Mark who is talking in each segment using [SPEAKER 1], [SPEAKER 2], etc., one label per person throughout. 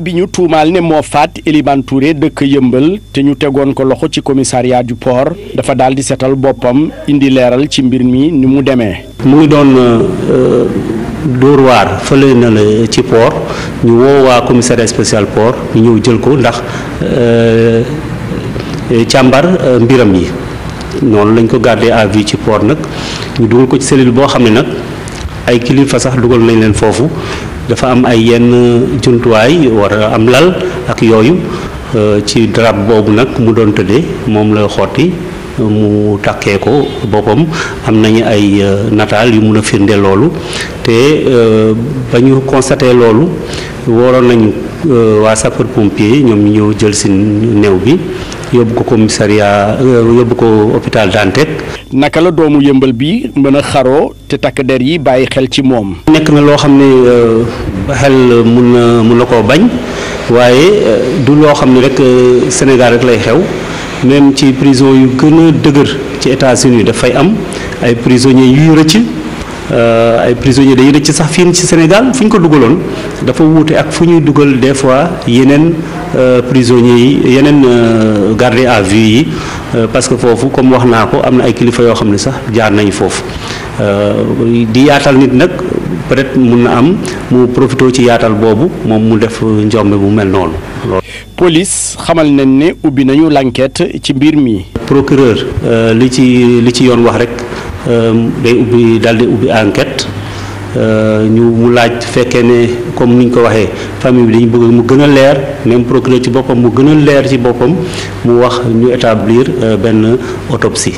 [SPEAKER 1] bi ñu tuumaal ne moo faat Elimane Touré dëkk yëmbal te ñu tegoon ko loxo ci commissariat du port dafa daal di setal boppam indi leeral ci mbir mi ni mu demee.
[SPEAKER 2] mu ngi doon euh, dóor waar fële na la ci poor ñu woo waa commissariat spécial port ñu ñëw jël ko ndax euh, euh, càmbar mbiram yi noonu lañ ko gardé à vue ci poor nag ñu dugal ko ci cellule boo xam ne nag ay kilifa sax dugal nañ leen foofu. dafa am ay yenn jumtuwaay war a am lal ak yooyu euh, ci drap boobu nag mu doon tëddee moom la xotti mu takkee ko boppam am nañu ay euh, nataal yu mun a firnde loolu te euh, ba ñu constaté loolu waroon nañu euh, waa sapeur pompier ñoom ñu ñëw jël si néew bi yóbbu ko commissariat yóbbu ko hôpital Dantec. naka la doomu yëmbal bi mën a xaroo te takk der
[SPEAKER 1] yi bàyyi xel ci moom.
[SPEAKER 2] nekk na loo xam ne xel mun na mun na koo bañ waaye du loo xam ne rek Sénégal rek lay xew. même ci prison yu gën a dëgër ci États-Unis dafay am ay prisonniers yuy rëcc euh, ay prisonniers dañuy ci sax fii ci Sénégal fu ñu ko dugaloon dafa wuute ak fu ñuy dugal des fois yeneen euh, prisonniers yi yeneen euh, gardés à vue yi parce que foofu comme wax naa ko am na ay kilifa yoo xam ne sax jaar nañu foofu di yaatal nit nag. peut-être mun na am mu profité ci yaatal boobu moom mu def njombe bu mel noonu. police xamal nañ ne ubbi nañu l'enquête ci mbir mi. procureur euh, li ci li ci yoon wax rek euh, day ubbi daal di ubbi enquête euh, ñu mu laaj fekkee ne comme ni ñu ko waxee famille bi dañu bëgg mu gën a leer même procureur ci boppam mu gën a leer ci boppam mu wax ñu établir benn autopsie.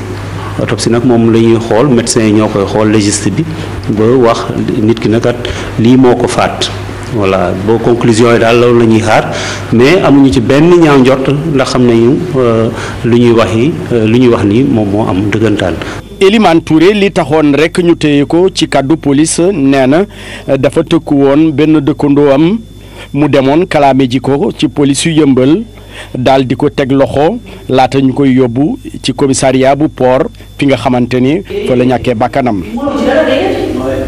[SPEAKER 2] autopsie nag moom la ñuy xool médecin yi ñoo koy xool légiste bi ba wax nit ki nakat lii moo ko faat voilà boo conclusion yi daal loolu la ñuy xaar mais amuñu ci benn ñaaw njort ndax xam nañu euh, lu ñuy wax yi euh, lu ñuy wax nii moom moo am dëggantaan. Elimane Touré li taxoon rek ñu téye ko ci
[SPEAKER 1] kàddu polis nee na euh, dafa tëkku woon benn dëkkandoo am mu demoon kalaame ji ko ci police yu yëmbal daal di ko teg loxo laata ñu koy yóbbu ci commissariat bu poor fi nga xamante ni fa la ñàkkee bakkanam